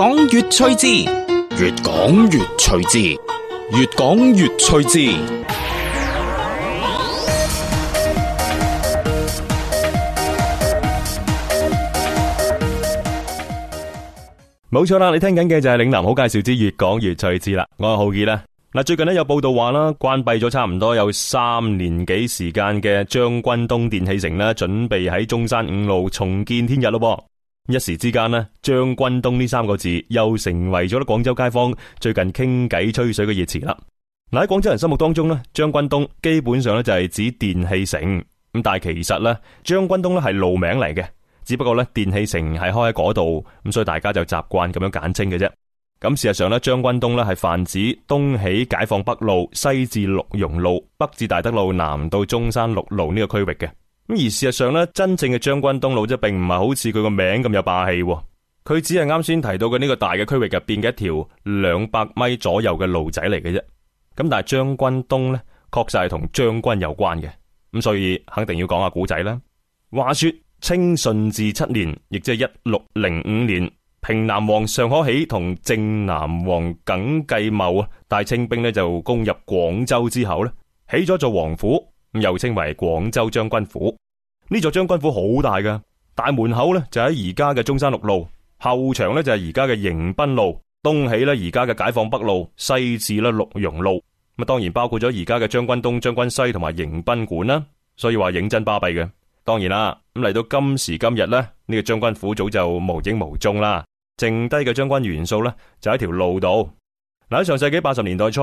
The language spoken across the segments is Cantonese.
講越趣致，越講越趣致，越講越趣致，冇錯啦！你聽緊嘅就係嶺南好介紹之越講越趣致啦。我係浩杰啦。嗱，最近咧有報道話啦，關閉咗差唔多有三年幾時間嘅將軍東電器城咧，準備喺中山五路重見天日咯。一時之間呢，將軍東呢三個字又成為咗咧廣州街坊最近傾偈吹水嘅熱詞啦。嗱，喺廣州人心目當中呢，將軍東基本上咧就係指電器城咁，但係其實呢，將軍東咧係路名嚟嘅，只不過呢電器城係開喺嗰度，咁所以大家就習慣咁樣簡稱嘅啫。咁事實上呢將軍東咧係泛指東起解放北路、西至六榕路、北至大德路、南到中山六路呢個區域嘅。咁而事實上咧，真正嘅將軍東路即並唔係好似佢個名咁有霸氣，佢只係啱先提到嘅呢個大嘅區域入邊嘅一條兩百米左右嘅路仔嚟嘅啫。咁但係將軍東咧，確實係同將軍有關嘅。咁所以肯定要講下古仔啦。話說清順治七年，亦即係一六零五年，平南王尚可喜同靖南王耿繼茂啊，帶清兵咧就攻入廣州之後咧，起咗座王府。又稱為廣州將軍府，呢座將軍府好大噶，大門口咧就喺而家嘅中山六路，後牆咧就係而家嘅迎賓路，東起咧而家嘅解放北路，西至咧六榕路，咁當然包括咗而家嘅將軍東、將軍西同埋迎賓館啦，所以話認真巴閉嘅。當然啦，咁嚟到今時今日咧，呢個將軍府早就無影無蹤啦，剩低嘅將軍元素咧就喺條路度。嗱喺上世紀八十年代初。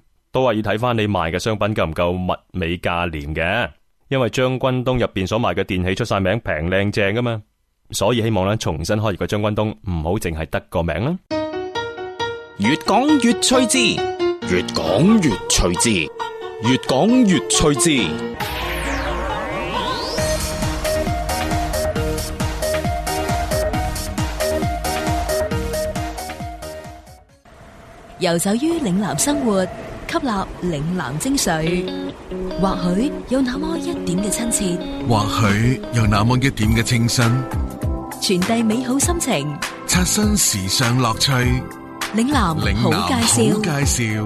都話要睇翻你賣嘅商品夠唔夠物美價廉嘅，因為將軍東入邊所賣嘅電器出晒名平靚正噶嘛，所以希望咧重新開業嘅將軍東唔好淨係得個名啦。越講越趣致，越講越趣致，越講越趣致。遊走於嶺南生活。吸納嶺南精髓，或許有那麼一點嘅親切，或許有那麼一點嘅清新，傳遞美好心情，刷新時尚樂趣。嶺南好介紹，嶺南好介紹。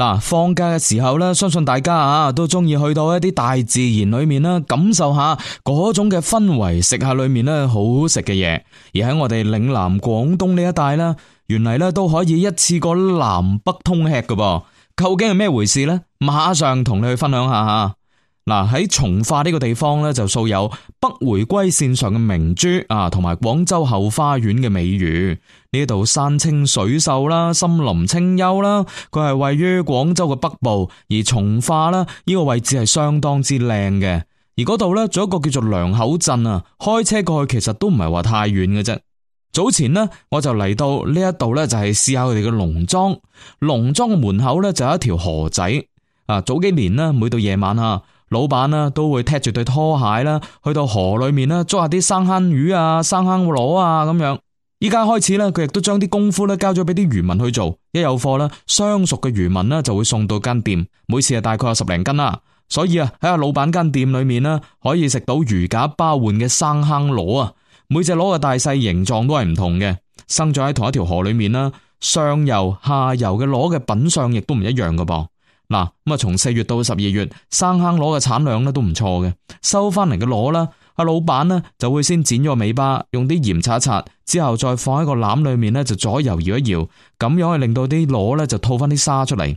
嗱，放假嘅時候咧，相信大家啊都中意去到一啲大自然裏面啦，感受下嗰種嘅氛圍，食下裏面咧好好食嘅嘢。而喺我哋嶺南廣東呢一帶咧，原嚟咧都可以一次過南北通吃㗎噃。究竟係咩回事咧？馬上同你去分享下吓。嗱，喺從化呢個地方咧，就素有北回歸線上嘅明珠啊，同埋廣州後花園嘅美譽。呢度山清水秀啦，森林清幽啦，佢係位於廣州嘅北部，而從化啦呢個位置係相當之靚嘅。而嗰度咧，仲有一個叫做良口鎮啊，開車過去其實都唔係話太遠嘅啫。早前呢，我就嚟到呢一度咧，就係試下佢哋嘅農莊。農莊嘅門口咧就有一條河仔啊，早幾年呢，每到夜晚啊。.老闆啦都會踢住對拖鞋啦，去到河裏面啦捉下啲生坑魚啊、生坑螺啊咁樣。依家開始咧，佢亦都將啲功夫咧交咗俾啲漁民去做。一有貨啦，相熟嘅漁民咧就會送到間店。每次啊，大概有十零斤啦。所以啊，喺阿老闆間店裏面啦，可以食到如假包換嘅生坑螺啊。每隻螺嘅大細形狀都係唔同嘅，生長喺同一條河裏面啦，上游、下游嘅螺嘅品相亦都唔一樣噶噃。嗱，咁啊，從四月到十二月，山坑螺嘅產量咧都唔錯嘅。收翻嚟嘅螺啦，阿老闆呢就會先剪咗尾巴，用啲鹽擦一擦，之後再放喺個籃裏面咧，就左右搖一搖，咁樣去令到啲螺咧就吐翻啲沙出嚟。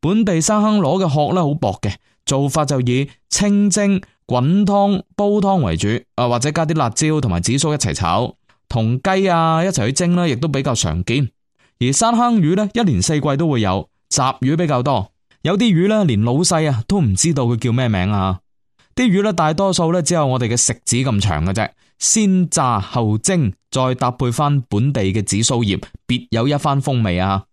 本地山坑螺嘅殼咧好薄嘅，做法就以清蒸、滾湯、煲湯為主，啊或者加啲辣椒同埋紫蘇一齊炒，同雞啊一齊去蒸咧，亦都比較常見。而山坑魚咧，一年四季都會有，雜魚比較多。有啲魚咧，連老細啊都唔知道佢叫咩名啊！啲魚咧，大多數咧只有我哋嘅食指咁長嘅啫。先炸後蒸，再搭配翻本地嘅紫蘇葉，別有一番風味啊！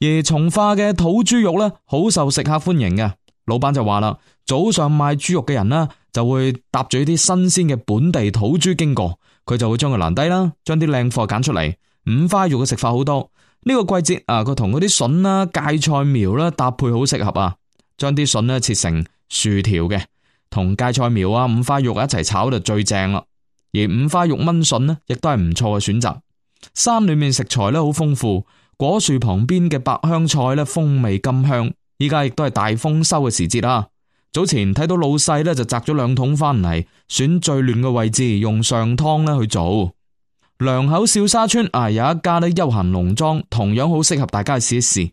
而從化嘅土豬肉咧，好受食客歡迎嘅。老闆就話啦，早上賣豬肉嘅人呢，就會搭住啲新鮮嘅本地土豬經過，佢就會將佢攔低啦，將啲靚貨揀出嚟。五花肉嘅食法好多。呢個季節啊，佢同嗰啲筍啦、芥菜苗啦、啊、搭配好適合啊，將啲筍咧，切成薯條嘅，同芥菜苗啊、五花肉一齊炒就最正啦、啊。而五花肉炆筍呢，亦都係唔錯嘅選擇。山裏面食材咧好豐富，果樹旁邊嘅百香菜咧風味甘香，依家亦都係大豐收嘅時節啦、啊。早前睇到老細咧就摘咗兩桶翻嚟，選最嫩嘅位置，用上湯咧去做。良口小沙村啊，有一家咧休閒農莊，同樣好適合大家試一試。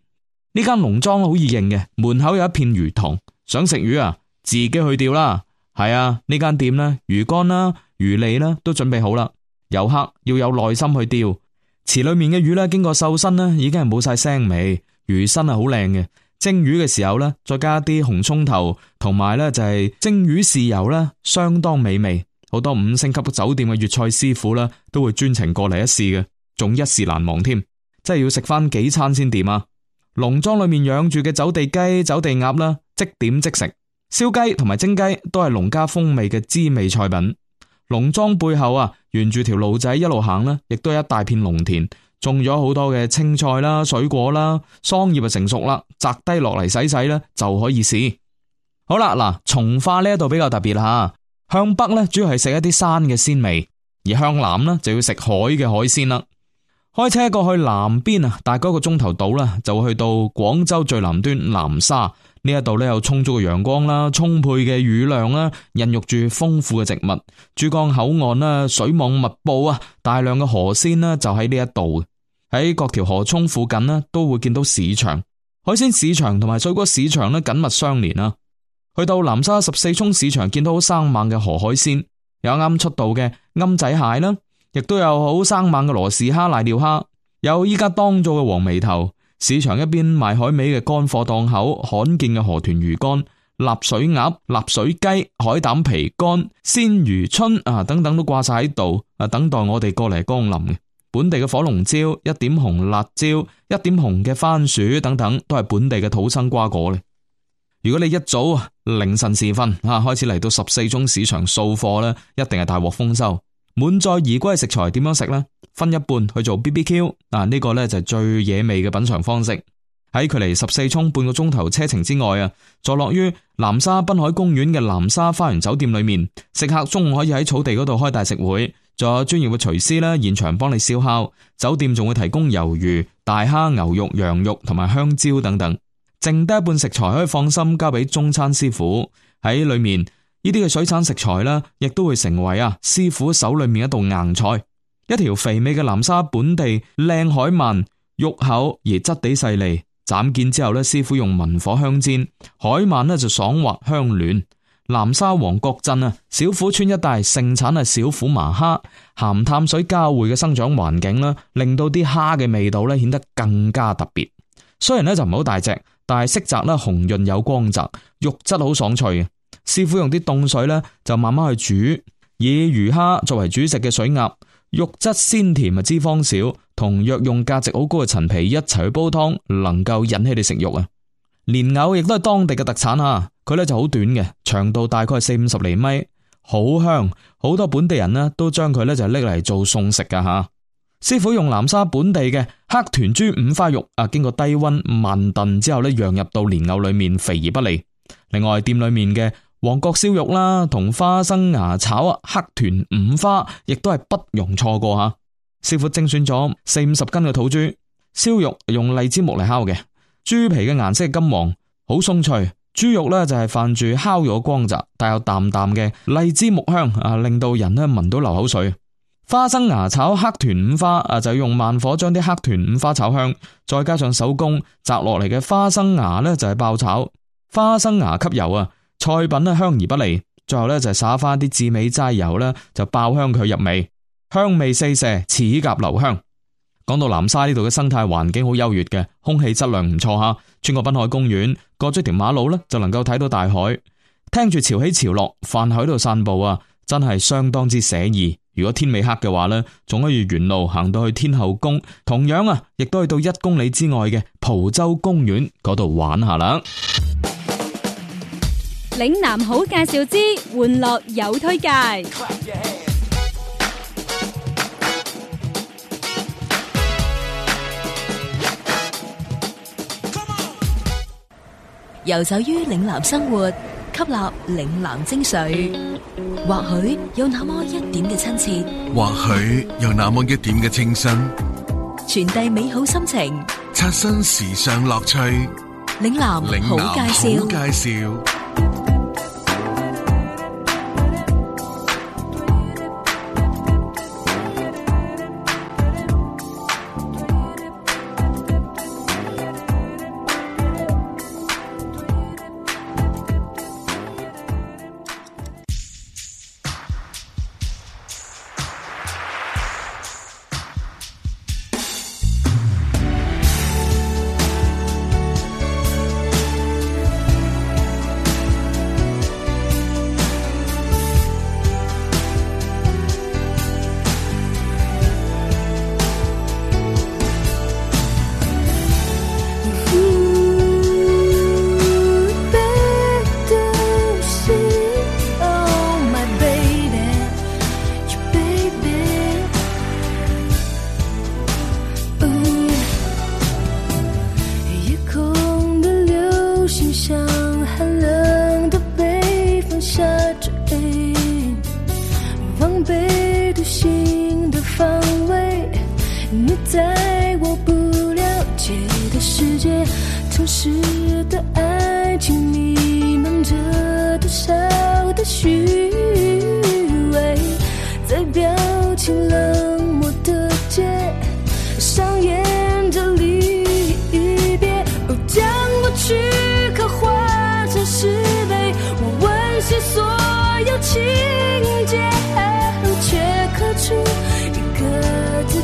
呢間農莊好易認嘅，門口有一片魚塘，想食魚啊，自己去釣啦。係啊，呢間店咧，魚竿啦、魚脷啦都準備好啦。遊客要有耐心去釣，池裏面嘅魚咧，經過瘦身呢已經係冇晒腥味，魚身係好靚嘅。蒸魚嘅時候咧，再加啲紅葱頭，同埋咧就係蒸魚豉油咧，相當美味。好多五星級酒店嘅粵菜師傅啦，都會專程過嚟一試嘅，仲一試難忘添。真係要食翻幾餐先掂啊！農莊裏面養住嘅走地雞、走地鴨啦，即點即食，燒雞同埋蒸雞都係農家風味嘅滋味菜品。農莊背後啊，沿住條路仔一路行呢，亦都係一大片農田，種咗好多嘅青菜啦、水果啦，桑葉就成熟啦，摘低落嚟洗洗啦，就可以試。好啦，嗱，從化呢一度比較特別吓啊。向北咧，主要係食一啲山嘅鮮味；而向南咧，就要食海嘅海鮮啦。開車過去南邊啊，大概一個鐘頭到啦，就會去到廣州最南端南沙呢一度咧，有充足嘅陽光啦，充沛嘅雨量啦，孕育住豐富嘅植物。珠江口岸啦，水網密佈啊，大量嘅河鮮呢就喺呢一度。喺各條河涌附近呢都會見到市場，海鮮市場同埋水果市場咧，緊密相連啦。去到南沙十四涌市場，見到好生猛嘅河海鮮，有啱出道嘅鵪仔蟹啦，亦都有好生猛嘅羅氏蝦、瀨尿蝦，有依家當造嘅黃眉頭。市場一邊賣海味嘅乾貨檔口，罕見嘅河豚魚乾、臘水鴨、臘水雞、海膽皮乾、鮮魚春啊等等都掛晒喺度啊，等待我哋過嚟光臨嘅。本地嘅火龍椒、一點紅辣椒、一點紅嘅番薯等等，都係本地嘅土生瓜果咧。如果你一早凌晨時分啊開始嚟到十四涌市場掃貨呢，一定係大獲豐收，滿載而歸。食材點樣食呢？分一半去做 B B Q 嗱、啊、呢、呢個呢就係最野味嘅品嘗方式。喺距離十四涌半個鐘頭車程之外啊，坐落於南沙濱海公園嘅南沙花園酒店裏面，食客中午可以喺草地嗰度開大食會，仲有專業嘅廚師呢，現場幫你燒烤。酒店仲會提供魷魚、大蝦、牛肉、羊肉同埋香蕉等等。剩低一半食材可以放心交俾中餐師傅，喺裏面呢啲嘅水產食材呢，亦都會成為啊師傅手裏面一道硬菜。一條肥美嘅南沙本地靚海鰻，肉厚而質地細膩，斬件之後呢，師傅用文火香煎，海鰻呢就爽滑香嫩。南沙黃閣鎮啊，小虎村一帶盛產啊小虎麻蝦，鹹淡水交匯嘅生長環境呢，令到啲蝦嘅味道呢顯得更加特別。雖然呢就唔好大隻。但係色澤咧紅潤有光澤，肉質好爽脆。師傅用啲凍水咧，就慢慢去煮。以魚蝦作為主食嘅水鴨，肉質鮮甜啊，脂肪少，同藥用價值好高嘅陳皮一齊去煲湯，能夠引起你食肉啊。蓮藕亦都係當地嘅特產啊，佢咧就好短嘅，長度大概係四五十厘米，好香，好多本地人呢，都將佢咧就拎嚟做餸食嘅吓。師傅用南沙本地嘅黑豚豬五花肉啊，經過低溫慢燉之後咧，釀入到蓮藕裏面，肥而不膩。另外，店裏面嘅黃角燒肉啦，同、啊、花生芽炒黑豚五花，亦都係不容錯過吓、啊。師傅精選咗四五十斤嘅土豬燒肉，用荔枝木嚟烤嘅，豬皮嘅顏色金黃，好鬆脆，豬肉咧就係泛住烤肉嘅光澤，帶有淡淡嘅荔枝木香啊，令到人咧聞到流口水。花生芽炒黑豚五花啊，就用慢火將啲黑豚五花炒香，再加上手工摘落嚟嘅花生芽咧，就係爆炒花生芽吸油啊。菜品咧香而不膩，最後咧就係撒翻啲致美齋油咧，就爆香佢入味，香味四射，齒頰留香。講到南沙呢度嘅生態環境好優越嘅，空氣質量唔錯吓，穿過濱海公園過咗一條馬路咧，就能夠睇到大海，聽住潮起潮落，飯喺度散步啊，真係相當之寫意。如果天未黑嘅話呢，仲可以沿路行到去天后宮，同樣啊，亦都去到一公里之外嘅蒲洲公園嗰度玩下啦。嶺南好介紹之，玩樂有推介。遊走於嶺南生活。吸納嶺南精髓，或許有那麼一點嘅親切，或許有那麼一點嘅清新，傳遞美好心情，刷新時尚樂趣。嶺南好介紹，好介紹。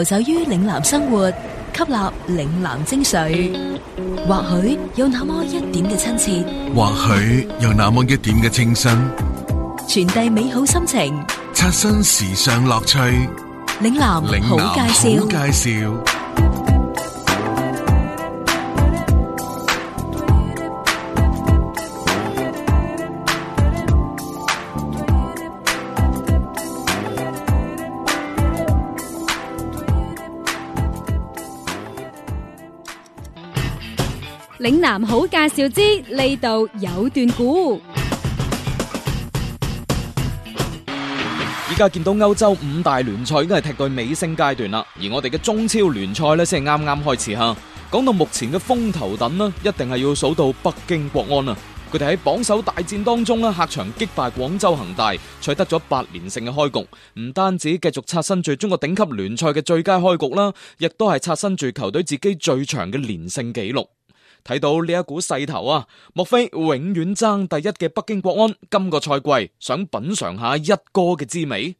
遊走於嶺南生活，吸納嶺南精髓，或許有那麼一點嘅親切，或許有那麼一點嘅清新，傳遞美好心情，刷新時尚樂趣。嶺南好介紹，好介紹。好介紹之呢度有段古。依家見到歐洲五大聯賽，已經係踢到尾聲階段啦。而我哋嘅中超聯賽咧，先係啱啱開始吓。講到目前嘅風頭躉咧，一定係要數到北京國安啦。佢哋喺榜首大戰當中咧，客場擊敗廣州恒大，取得咗八連勝嘅開局。唔單止繼續刷新住中國頂級聯賽嘅最佳開局啦，亦都係刷新住球隊自己最長嘅連勝紀錄。睇到呢一股勢頭啊，莫非永遠爭第一嘅北京國安今個賽季想品嘗下一哥嘅滋味？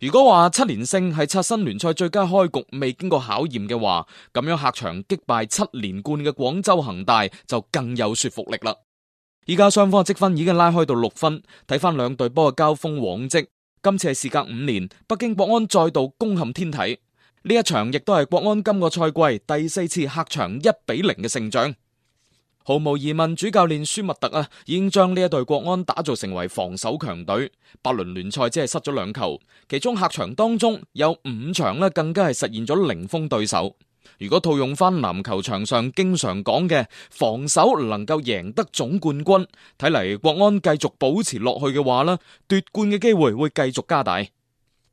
如果話七連勝係刷新聯賽最佳開局未經過考驗嘅話，咁樣客場擊敗七連冠嘅廣州恒大就更有說服力啦。而家雙方嘅積分已經拉開到六分，睇翻兩隊波嘅交鋒往績，今次係時隔五年，北京國安再度攻陷天體。呢一場亦都係國安今個賽季第四次客場一比零嘅勝仗，毫無疑問，主教練舒密特啊已經將呢一隊國安打造成為防守強隊。八輪聯賽只係失咗兩球，其中客場當中有五場咧，更加係實現咗零封對手。如果套用翻籃球場上經常講嘅防守能夠贏得總冠軍，睇嚟國安繼續保持落去嘅話呢，奪冠嘅機會會繼續加大。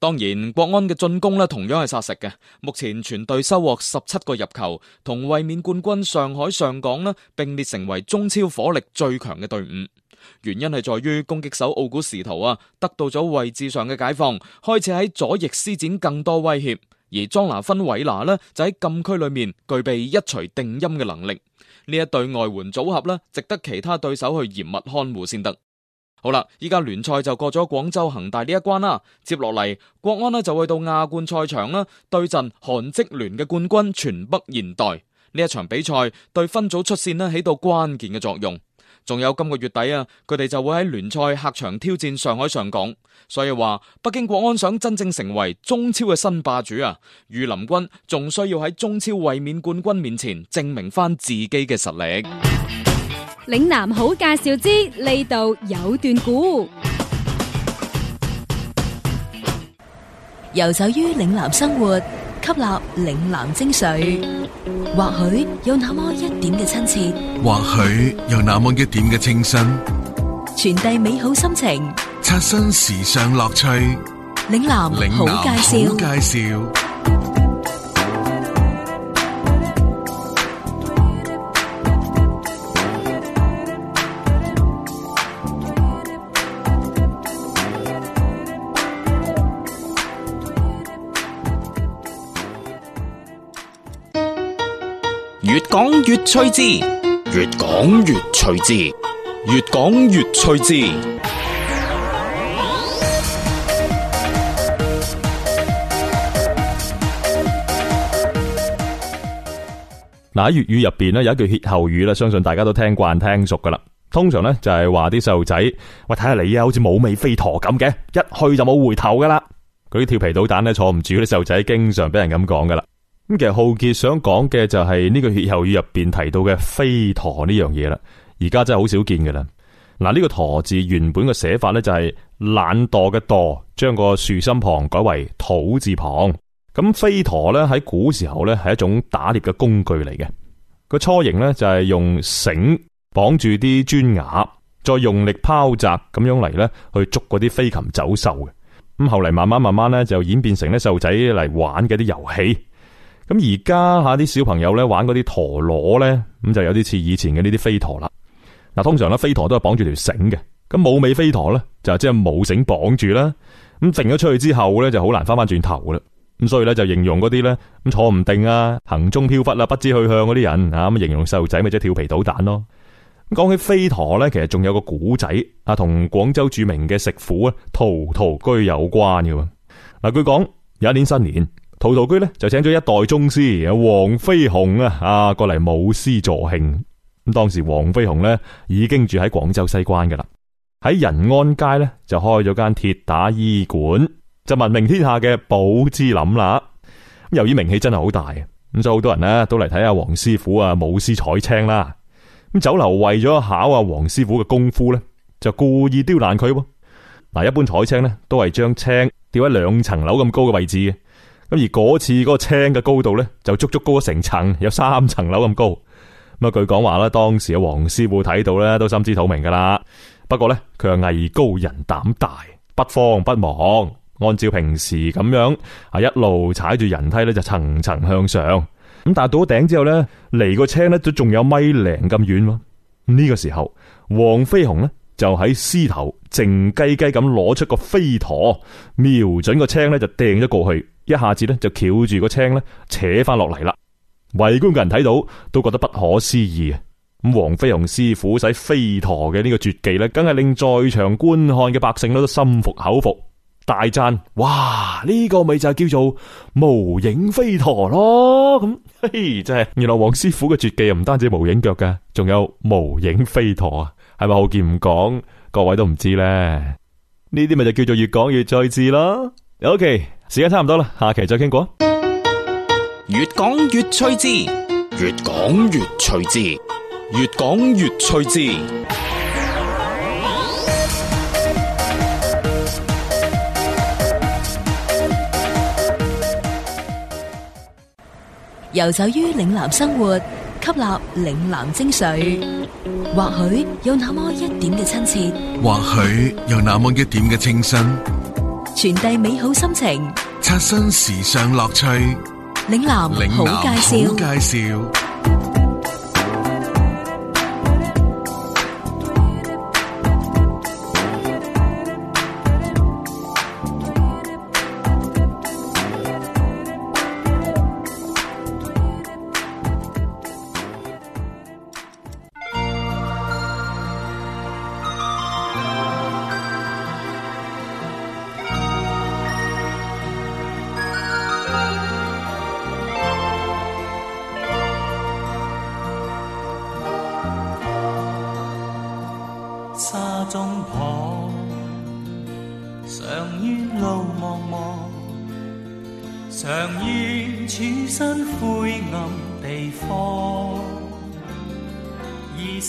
當然，國安嘅進攻咧，同樣係殺食嘅。目前全隊收穫十七個入球，同衛冕冠軍上海上港咧並列成為中超火力最強嘅隊伍。原因係在於攻擊手奧古斯圖啊，得到咗位置上嘅解放，開始喺左翼施展更多威脅。而莊拿芬韋拿咧就喺禁區裏面具備一錘定音嘅能力。呢一對外援組合咧，值得其他對手去嚴密看護先得。好啦，依家聯賽就過咗廣州恒大呢一關啦，接落嚟國安呢就會到亞冠賽場啦，對陣韓職聯嘅冠軍全北現代呢一場比賽，對分組出線呢起到關鍵嘅作用。仲有今個月底啊，佢哋就會喺聯賽客場挑戰上海上港。所以話，北京國安想真正成為中超嘅新霸主啊，御林軍仲需要喺中超衛冕冠，冠軍面前證明翻自己嘅實力。嶺南好介紹之，呢度有段古。遊走於嶺南生活，吸納嶺南精髓，或許有那麼一點嘅親切，或許有那麼一點嘅清新，傳遞美好心情，刷新時尚樂趣。嶺南好介紹。越講越趣致，越講越趣致，越講越趣致。嗱，喺粵語入邊咧，有一句歇後語啦，相信大家都聽慣聽熟噶啦。通常咧就係話啲細路仔，喂睇下你啊，好似冇尾飛陀咁嘅，一去就冇回頭噶啦。嗰啲調皮搗蛋咧，坐唔住啲細路仔，經常俾人咁講噶啦。咁其實浩杰想講嘅就係呢個歇後語入邊提到嘅飛陀呢樣嘢啦，而家真係好少見嘅啦。嗱，呢個陀字原本嘅寫法咧就係懶惰嘅惰，將個樹心旁改為土字旁。咁飛陀咧喺古時候咧係一種打獵嘅工具嚟嘅。個雛形咧就係用繩綁住啲磚瓦，再用力拋擲咁樣嚟咧去捉嗰啲飛禽走獸嘅。咁後嚟慢慢慢慢咧就演變成咧細路仔嚟玩嘅啲遊戲。咁而家吓啲小朋友咧玩嗰啲陀螺咧，咁就有啲似以前嘅呢啲飛陀啦。嗱，通常咧飛陀都係綁住條繩嘅，咁冇尾飛陀咧就即係冇繩綁住啦。咁掟咗出去之後咧就好難翻翻轉頭噶啦。咁所以咧就形容嗰啲咧咁坐唔定啊，行蹤飄忽啦、啊，不知去向嗰啲人啊，咁形容細路仔咪即係調皮搗蛋咯。講起飛陀咧，其實仲有個古仔啊，同廣州著名嘅食府啊陶陶居有關嘅。嗱，據講有一年新年。陶陶居咧就請咗一代宗師啊黃飛鴻啊啊過嚟舞獅助興。咁當時黃飛鴻咧已經住喺廣州西關噶啦，喺仁安街咧就開咗間鐵打醫館，就聞名天下嘅寶芝林啦。咁由於名氣真係好大，咁就好多人呢都嚟睇下黃師傅啊舞獅彩青啦。咁酒樓為咗考阿黃師傅嘅功夫咧，就故意刁難佢。嗱，一般彩青咧都係將青吊喺兩層樓咁高嘅位置。咁而嗰次嗰個青嘅高度呢，就足足高咗成層，有三層樓咁高。咁啊，據講話咧，當時嘅黃師傅睇到呢，都心知肚明噶啦。不過呢，佢係藝高人膽大，不慌不忙，按照平時咁樣啊，一路踩住人梯呢，就層層向上。咁但係到咗頂之後呢，離個青呢，都仲有米零咁遠咯。呢個時候，黃飛鴻呢，就喺獅頭靜雞雞咁攞出個飛陀，瞄準個青呢，就掟咗過去。一下子咧就翹住個青咧扯翻落嚟啦！圍觀嘅人睇到都覺得不可思議啊！咁黃飛鴻師傅使飛陀嘅呢個絕技咧，梗係令在場觀看嘅百姓都心服口服，大讚：哇！呢個咪就叫做無影飛陀咯！咁，嘿，真係原來黃師傅嘅絕技唔單止無影腳㗎，仲有無影飛陀啊！係咪？好見唔講，各位都唔知咧。呢啲咪就叫做越講越再智咯。OK，時間差唔多啦，下期再傾過。越講越趣致，越講越趣致，越講越趣致。遊走於嶺南生活，吸納嶺南精髓，或許有那麼一點嘅親切，或許有那麼一點嘅清新，傳遞美好心情，刷新時尚樂趣。嶺南好介紹。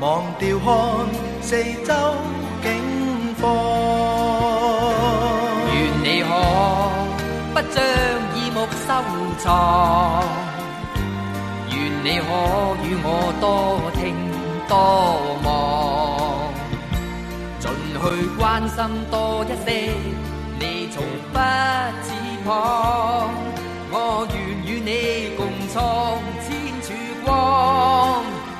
忘掉看四周景況，願你可不將耳目收藏，願你可與我多聽多望，盡去關心多一些，你從不自彷。我願與你共創千處光。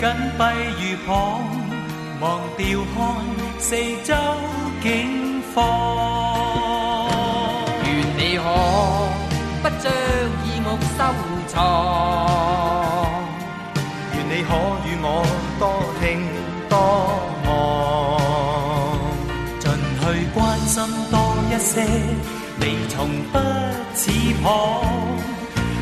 緊閉如殼，忘掉看四周景況。願你可不將耳目收藏，願你可與我多聽多望，盡去關心多一些，你從不似旁。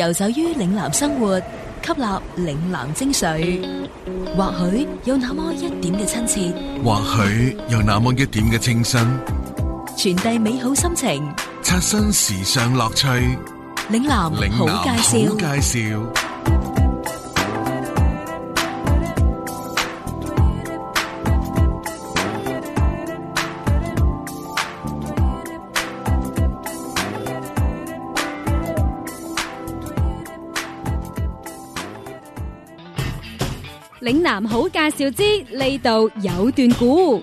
遊走於嶺南生活，吸納嶺南精髓，或許有那麼一點嘅親切，或許有那麼一點嘅清新，傳遞美好心情，刷新時尚樂趣。嶺南好介紹，嶺南好介紹。男好介紹之，呢度有段古。